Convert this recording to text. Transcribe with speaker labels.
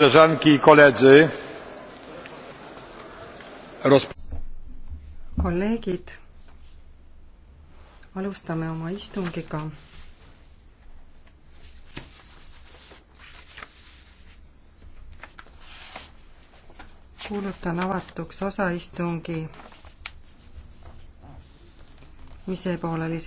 Speaker 1: koleżanki i koledzy
Speaker 2: kolleegid alustame oma istungiga
Speaker 3: kuulutan avatuks osaistungi mis seepooleli